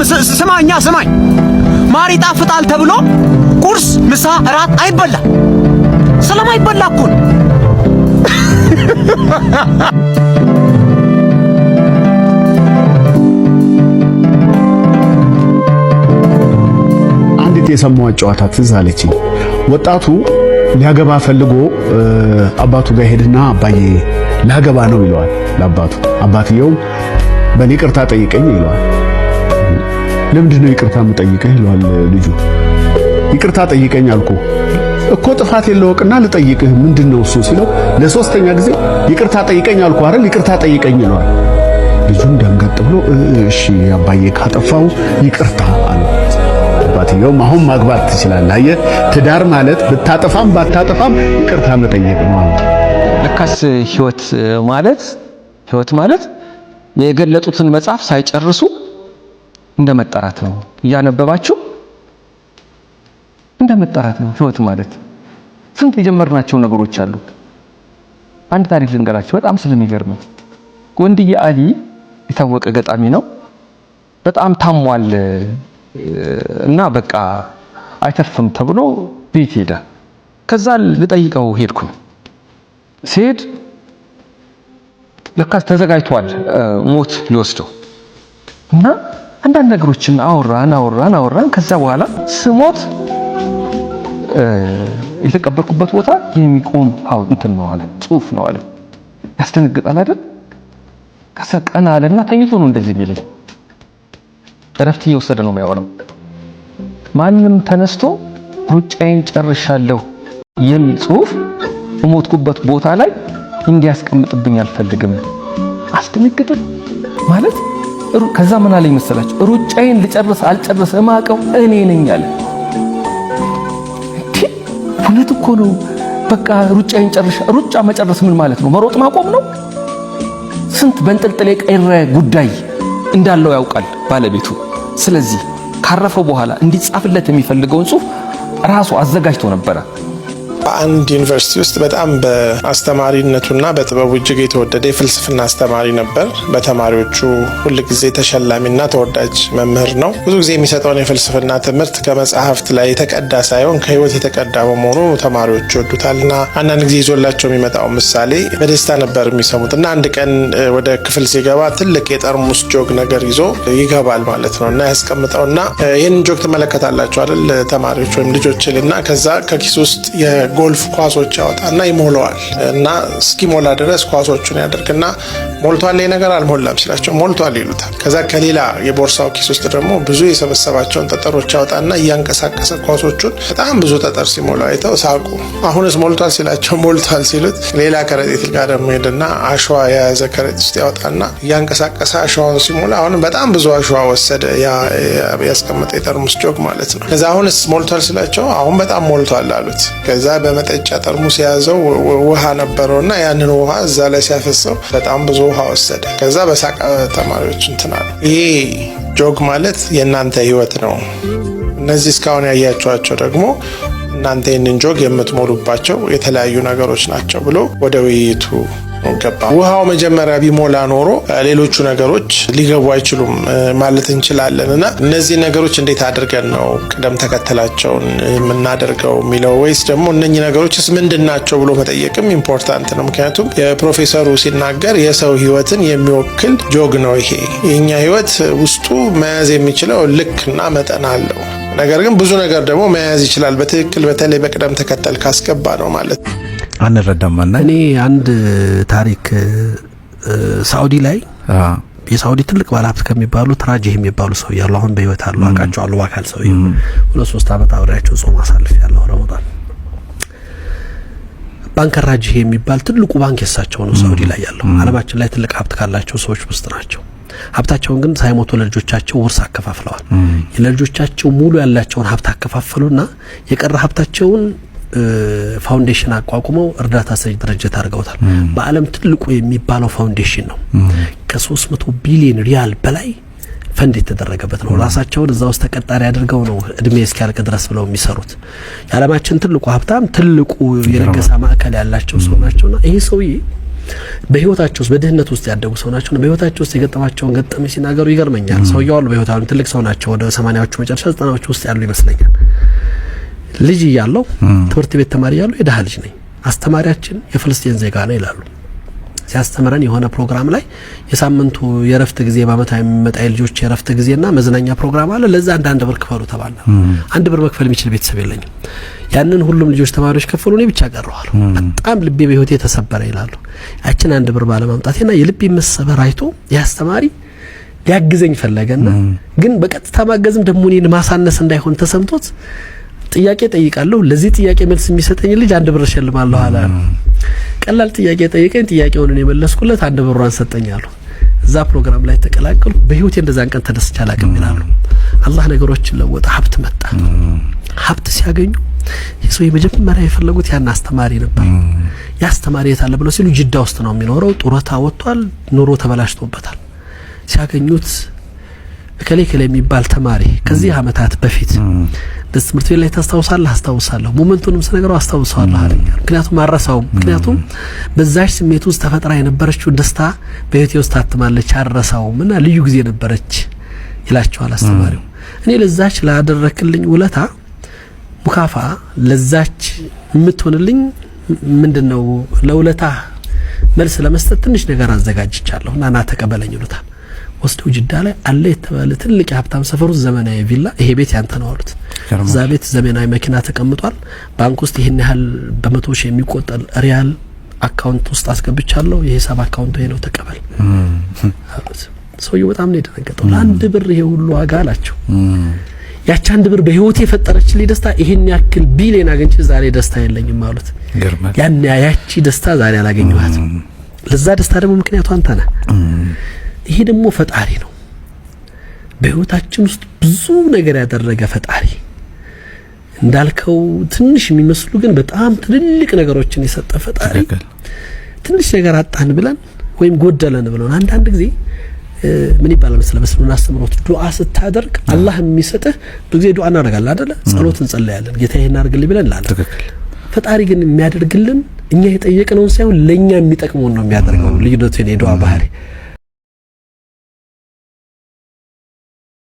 እንደውም ስማኛ ስማኝ ማር ይጣፍጣል ተብሎ ቁርስ፣ ምሳ፣ እራት አይበላ ስለማይበላ እኮ አንዲት የሰማኋት ጨዋታ ትዝ አለችኝ። ወጣቱ ሊያገባ ፈልጎ አባቱ ጋር ሄድና አባዬ ላገባ ነው ይለዋል ለአባቱ። አባትየውም በኔ ቅርታ ጠይቀኝ ይለዋል። ለምንድን ነው ይቅርታ የምጠይቅህ? ይለዋል ልጁ። ይቅርታ ጠይቀኝ አልኩ እኮ ጥፋት የለውቅና ልጠይቅህ ምንድን ነው እሱ ሲለው፣ ለሶስተኛ ጊዜ ይቅርታ ጠይቀኝ አልኩ አይደል፣ ይቅርታ ጠይቀኝ ይለዋል። ልጁም ደንገጥ ብሎ እሺ አባዬ ካጠፋው ይቅርታ አለ። አባትየውም አሁን ማግባት ትችላለህ። አየህ ትዳር ማለት ብታጠፋም ባታጠፋም ይቅርታ መጠየቅ ነው። ለካስ ህይወት ማለት ህይወት ማለት የገለጡትን መጽሐፍ ሳይጨርሱ እንደ መጠራት ነው። እያነበባችሁ እንደ መጠራት ነው ህይወት ማለት። ስንት የጀመርናቸው ነገሮች አሉ። አንድ ታሪክ ልንገራችሁ፣ በጣም ስለሚገርም ወንድዬ አሊ የታወቀ ገጣሚ ነው። በጣም ታሟል እና በቃ አይተርፍም ተብሎ ቤት ሄደ። ከዛ ልጠይቀው ሄድኩኝ። ሲሄድ ለካስ ተዘጋጅቷል ሞት ሊወስደው እና አንዳንድ ነገሮችን አወራን አወራን አወራን። ከዛ በኋላ ስሞት የተቀበርኩበት ቦታ የሚቆም ሐውልት እንትን ነው አለ፣ ጽሁፍ ነው አለ። ያስደነግጣል አይደል? ከዛ ቀና አለና ተኝቶ ነው እንደዚህ የሚለኝ። እረፍት እየወሰደ ነው የሚያወራው። ማንም ተነስቶ ሩጫዬን ጨርሻለሁ የሚል ጽሁፍ እሞትኩበት ቦታ ላይ እንዲያስቀምጥብኝ አልፈልግም። አስደነግጥም ማለት ከዛ ምን አለኝ መሰላችሁ? ሩጫዬን ልጨርስ አልጨርስ እማቀው እኔ ነኝ አለ። እውነት እኮ ነው። በቃ ሩጫዬን ጨርሽ። ሩጫ መጨረስ ምን ማለት ነው? መሮጥ ማቆም ነው። ስንት በንጥልጥል የቀረ ጉዳይ እንዳለው ያውቃል ባለቤቱ። ስለዚህ ካረፈው በኋላ እንዲጻፍለት የሚፈልገውን ጽሑፍ ራሱ አዘጋጅቶ ነበረ። በአንድ ዩኒቨርሲቲ ውስጥ በጣም በአስተማሪነቱና በጥበቡ እጅግ የተወደደ የፍልስፍና አስተማሪ ነበር። በተማሪዎቹ ሁልጊዜ ተሸላሚና ተወዳጅ መምህር ነው። ብዙ ጊዜ የሚሰጠውን የፍልስፍና ትምህርት ከመጽሐፍት ላይ የተቀዳ ሳይሆን ከህይወት የተቀዳ በመሆኑ ተማሪዎች ይወዱታልና አንዳንድ ጊዜ ይዞላቸው የሚመጣው ምሳሌ በደስታ ነበር የሚሰሙት እና አንድ ቀን ወደ ክፍል ሲገባ ትልቅ የጠርሙስ ጆግ ነገር ይዞ ይገባል ማለት ነው እና ያስቀምጠውና ይህንን ጆግ ትመለከታላቸው አይደል ተማሪዎች ወይም ልጆችል እና ከዛ ከኪስ ውስጥ ጎልፍ ኳሶች ያወጣና ይሞላዋል እና እስኪሞላ ድረስ ኳሶቹን ያደርግና ሞልቷል ነገር አልሞላም ሲላቸው ሞልቷል ይሉታል። ከዛ ከሌላ የቦርሳው ኪስ ውስጥ ደግሞ ብዙ የሰበሰባቸውን ጠጠሮች ያወጣና እያንቀሳቀሰ ኳሶቹን በጣም ብዙ ጠጠር ሲሞላ አይተው ሳቁ። አሁንስ ሞልቷል ሲላቸው ሞልቷል ሲሉት ሌላ ከረጢት ጋር ደግሞ ሄድና አሸዋ የያዘ ከረጢት ውስጥ ያወጣና እያንቀሳቀሰ አሸዋውን ሲሞላ አሁንም በጣም ብዙ አሸዋ ወሰደ፣ ያስቀመጠ የጠርሙስ ጆግ ማለት ነው። ከዛ አሁንስ ሞልቷል ሲላቸው አሁን በጣም ሞልቷል አሉት። ከዛ በመጠጫ ጠርሙስ የያዘው ውሃ ነበረው እና ያንን ውሃ እዛ ላይ ሲያፈሰው በጣም ብዙ ውሃ ወሰደ። ከዛ በሳቀ ተማሪዎች እንትና ይሄ ጆግ ማለት የእናንተ ህይወት ነው። እነዚህ እስካሁን ያያችኋቸው ደግሞ እናንተ ይህንን ጆግ የምትሞሉባቸው የተለያዩ ነገሮች ናቸው ብሎ ወደ ውይይቱ ገባ። ውሃው መጀመሪያ ቢሞላ ኖሮ ሌሎቹ ነገሮች ሊገቡ አይችሉም ማለት እንችላለን። እና እነዚህ ነገሮች እንዴት አድርገን ነው ቅደም ተከተላቸውን የምናደርገው የሚለው ወይስ ደግሞ እነኚህ ነገሮችስ ምንድን ናቸው ብሎ መጠየቅም ኢምፖርታንት ነው። ምክንያቱም የፕሮፌሰሩ ሲናገር የሰው ህይወትን የሚወክል ጆግ ነው ይሄ። የእኛ ህይወት ውስጡ መያዝ የሚችለው ልክና መጠን አለው። ነገር ግን ብዙ ነገር ደግሞ መያዝ ይችላል በትክክል በተለይ በቅደም ተከተል ካስገባ ነው ማለት ነው። አንረዳም እና እኔ አንድ ታሪክ ሳኡዲ ላይ የሳኡዲ ትልቅ ባለሀብት ከሚባሉ ትራጂህ የሚባሉ ሰው ያሉ አሁን በህይወት አሉ አውቃቸው አሉ አካል ሰው ሁለት ሶስት አመት አብሬያቸው ጾም አሳልፍ ያለው ረመዳን ባንክ ራጂህ የሚባል ትልቁ ባንክ የሳቸው ነው ሳኡዲ ላይ ያለው አለማችን ላይ ትልቅ ሀብት ካላቸው ሰዎች ውስጥ ናቸው ሀብታቸውን ግን ሳይሞቱ ለልጆቻቸው ውርስ አከፋፍለዋል ለልጆቻቸው ሙሉ ያላቸውን ሀብት አከፋፈሉና የቀረ ሀብታቸውን ፋውንዴሽን አቋቁመው እርዳታ ሰጭ ድርጅት አድርገውታል። በዓለም ትልቁ የሚባለው ፋውንዴሽን ነው። ከ300 ቢሊዮን ሪያል በላይ ፈንድ የተደረገበት ነው። ራሳቸውን እዛ ውስጥ ተቀጣሪ አድርገው ነው እድሜ እስኪያልቅ ድረስ ብለው የሚሰሩት። የዓለማችን ትልቁ ሀብታም ትልቁ የነገሳ ማዕከል ያላቸው ሰው ናቸውና ይሄ ሰውዬ በህይወታቸው ውስጥ በድህነት ውስጥ ያደጉ ሰው ናቸው። በህይወታቸው ውስጥ የገጠማቸውን ገጠመኝ ሲናገሩ ይገርመኛል። ሰውየው አሉ በህይወት አሉ ትልቅ ሰው ናቸው። ወደ ሰማንያዎቹ መጨረሻ ዘጠናዎቹ ውስጥ ያሉ ይመስለኛል። ልጅ እያለው ትምህርት ቤት ተማሪ እያለው የድሃ ልጅ ነኝ። አስተማሪያችን የፍልስጤን ዜጋ ነው ይላሉ። ሲያስተምረን የሆነ ፕሮግራም ላይ የሳምንቱ የረፍት ጊዜ በአመት የሚመጣ የልጆች የረፍት ጊዜና መዝናኛ ፕሮግራም አለ። ለዛ አንድ አንድ ብር ክፈሉ ተባለ። አንድ ብር መክፈል የሚችል ቤተሰብ የለኝም። ያንን ሁሉም ልጆች ተማሪዎች ከፈሉ፣ እኔ ብቻ ቀረዋሉ። በጣም ልቤ በህይወቴ ተሰበረ ይላሉ። ያችን አንድ ብር ባለማምጣቴና የልቤ መሰበር አይቶ የአስተማሪ ሊያግዘኝ ፈለገና ግን በቀጥታ ማገዝም ደግሞ እኔን ማሳነስ እንዳይሆን ተሰምቶት ጥያቄ ጠይቃለሁ። ለዚህ ጥያቄ መልስ የሚሰጠኝ ልጅ አንድ ብር እሸልማለሁ አለ። ቀላል ጥያቄ ጠይቀኝ፣ ጥያቄውን እኔ መለስኩለት፣ አንድ ብሯን ሰጠኝ አሉ። እዛ ፕሮግራም ላይ ተቀላቀሉ። በህይወቴ እንደዛን ቀን ተደስቼ አላቅም ይላሉ። አላህ ነገሮችን ለወጠ። ሀብት መጣ። ሀብት ሲያገኙ የሰው የመጀመሪያ የፈለጉት ያን አስተማሪ ነበር። የአስተማሪ የት አለ ብለው ሲሉ ጅዳ ውስጥ ነው የሚኖረው። ጡረታ ወጥቷል። ኑሮ ተበላሽቶበታል። ሲያገኙት እከሌ ከሌ የሚባል ተማሪ ከዚህ አመታት በፊት ትምህርት ቤት ላይ ታስታውሳለህ? አስታውሳለሁ። ሞመንቱንም ስነግረው አስታውሰዋለሁ አለኝ። ምክንያቱም አረሳውም። ምክንያቱም በዛች ስሜት ውስጥ ተፈጥራ የነበረችው ደስታ በህይወቴ ውስጥ ታትማለች። አረሳውም እና ልዩ ጊዜ ነበረች ይላቸዋል አስተማሪው። እኔ ለዛች ላደረክልኝ ውለታ ሙካፋ ለዛች የምትሆንልኝ ምንድን ነው ለውለታ መልስ ለመስጠት ትንሽ ነገር አዘጋጅቻለሁ እና ና ተቀበለኝ ይሉታል። ወስደው ጅዳ ላይ አለ የተባለ ትልቅ የሀብታም ሰፈሩ ዘመናዊ ቪላ ይሄ ቤት ያንተ ነው አሉት። እዛ ቤት ዘመናዊ መኪና ተቀምጧል። ባንክ ውስጥ ይህን ያህል በመቶ ሺህ የሚቆጠር ሪያል አካውንት ውስጥ አስገብቻለሁ። የሂሳብ አካውንት ይሄ ነው ተቀበል። ሰውየው በጣም ነው የደነገጠው። ለአንድ ብር ይሄ ሁሉ ዋጋ አላቸው። ያቺ አንድ ብር በህይወት የፈጠረችልኝ ደስታ ይሄን ያክል ቢሊዮን አግኝቼ ዛሬ ደስታ የለኝም አሉት። ያን ያቺ ደስታ ዛሬ አላገኘኋትም። ለዛ ደስታ ደግሞ ምክንያቱ አንተ ነህ። ይሄ ደግሞ ፈጣሪ ነው። በህይወታችን ውስጥ ብዙ ነገር ያደረገ ፈጣሪ እንዳልከው ትንሽ የሚመስሉ ግን በጣም ትልልቅ ነገሮችን የሰጠ ፈጣሪ ትንሽ ነገር አጣን ብለን ወይም ጎደለን ብለን አንዳንድ ጊዜ ምን ይባላል መሰለህ፣ በስልምና አስተምሮት ዱዓ ስታደርግ አላህ የሚሰጥህ ብዙ ጊዜ ዱዓ እናደርጋለን አይደለ? ጸሎት እንጸለያለን፣ ጌታ ይሄን አድርግልኝ ብለን እንላለን። ፈጣሪ ግን የሚያደርግልን እኛ የጠየቅነውን ሳይሆን ለእኛ የሚጠቅመውን ነው የሚያደርገው። ልዩነቱ የዱዓ ባህሪ